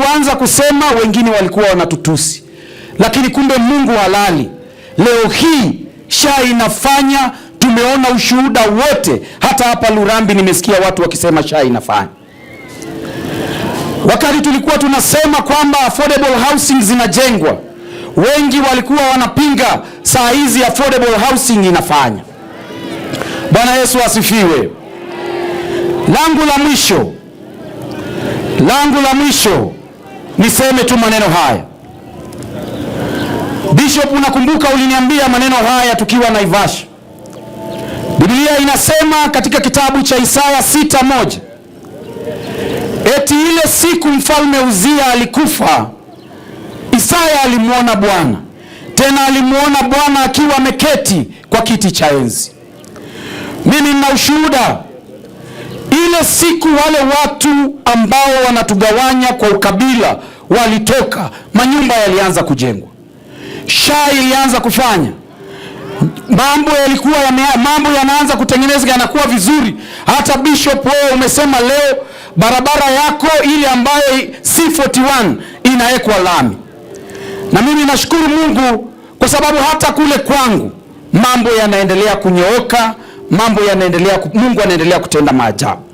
tulivyoanza kusema, wengine walikuwa wanatutusi, lakini kumbe Mungu halali. Leo hii SHA inafanya, tumeona ushuhuda wote. Hata hapa Lurambi nimesikia watu wakisema SHA inafanya. Wakati tulikuwa tunasema kwamba affordable housing zinajengwa, wengi walikuwa wanapinga, saa hizi affordable housing inafanya. Bwana Yesu asifiwe. Langu la mwisho, langu la mwisho Niseme tu maneno haya. Bishop, unakumbuka uliniambia maneno haya tukiwa Naivasha. Biblia inasema katika kitabu cha Isaya sita moja eti ile siku mfalme Uzia alikufa, Isaya alimwona Bwana, tena alimwona Bwana akiwa ameketi kwa kiti cha enzi. Mimi nina ushuhuda ile siku wale watu ambao wanatugawanya kwa ukabila walitoka, manyumba yalianza kujengwa, shaa ilianza kufanya mambo yalikuwa ya mambo yanaanza kutengenezeka, yanakuwa vizuri. Hata bishop wewe umesema leo barabara yako ile ambayo C41 inawekwa lami, na mimi nashukuru Mungu kwa sababu hata kule kwangu mambo yanaendelea kunyooka, mambo yanaendelea, Mungu anaendelea kutenda maajabu.